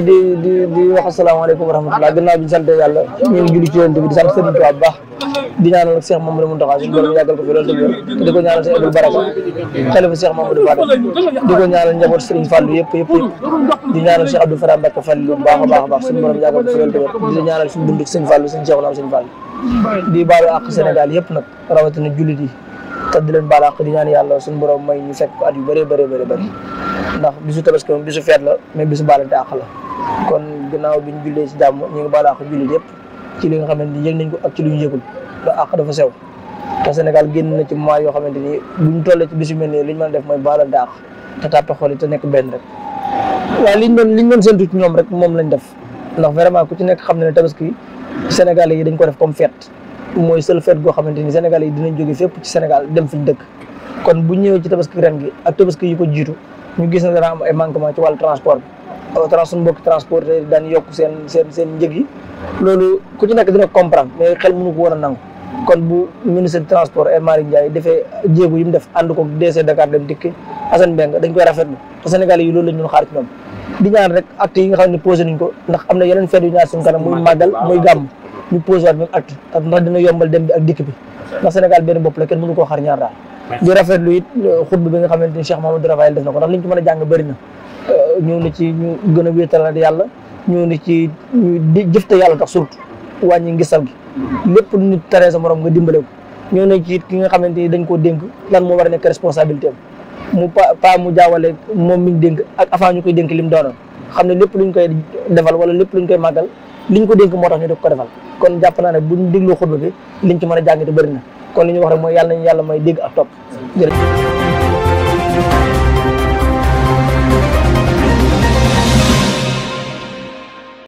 di di di wax asalaamaaleykum wa rahmatulah gannaaw bi ñu sant yàlla ñu ngi julli ci yonent bi di sant Serigne Touba bu baax di ñaanal ak Cheikh Mamadou Mountakha suñu borom yàggal ko fi loolu di ko ñaanal Cheikh Abdou Baraka xalifa Cheikh Mamadou Fadal di ko ñaanal njaboot Serigne Fallou yëpp yëpp di ñaanal Cheikh Abdou Fatah Mbacke Fallou bu baax a baax a baax suñu borom yàggal ko fi loolu tamit di ñaanal suñu dund Serigne Fallou Serigne Cheikh Naam di baalu àq Sénégal di leen baal àq di ñaan yàlla suñu borom may ñu fekk at yu bëree bëree bëri bëri ndax bisu tabaski moom bisu feet la mais bisu baalante àq la kon ginnaaw bi ñu jullee ci dàmm ñu ngi baal àq jullit yëpp ci li nga xamante ni yëg nañ ko ak ci lu ñu yëgul ndax àq dafa sew te Sénégal génn na ci mois yoo xamante ni buñ tollee ci bisu mel nii li ñu mën def mooy baalante àq te tàppe xool yi te nekk benn rek waaye liñ doon liñ doon séntu ci ñoom rek moom lañ def ndax vraiment ku ci nekk xam na ne tabaski Sénégalais yi dañ ko def comme fête mooy seul fête goo xamante ni sénégal yi dinañ jóge fépp ci Sénégal dem fi ñu dëkk kon bu ñëwee ci tabaski ren gi ak tabaski yi ko jiitu ñu gis na dana am ay manquement ci wàllu transport bi Euh, trans suñu mbokki transporteur daan yokk seen seen seen njëg yi loolu ku ci nekk dina comprendre mais xel mënu ko woon a nangu kon bu ministre du transport El Malick Ndiaye defee jéego yi mu def ànd ko DC Dakar dem dikki Assane Mbengue dañ koy rafetlu te Sénégalais yi loolu lañ doon xaar ci ñoom di ñaan rek acte yi nga xam ne posé nañ ko ndax am na yeneen fête yu ñaar suñu kanam muy yombal dem bi ak dikk bi ndax Sénégal benn bopp la kenn mënu ko xaar ñaar di rafetlu it euh, xutba bi nga xamante ni Cheikh Mahamadou Rafael def na ko ndax liñ ci mën a jàng bëri ñoo na ci ñu gën a wéetal yàlla ñoo na ci ñu di jëfte yàlla tax surtout wàññi sal gi lépp nit tere sa morom nga dimbale ko ñëw na ci ki nga xamante ni dañ koo dénk lan moo war a nekk mu pa pa mu jaawale moom miñ dénk ak avant ñu koy dénk lim doonoon xam ne lépp luñ koy defal wala lépp luñ koy màggal liñ ko dénk moo tax ñu def ko defal kon jàpp naa ne ñu déglu xutba bi liñ ci mën a jàngate bëri na kon li ñu wax rek mooy yàlla nañu yàlla may dégg ak topp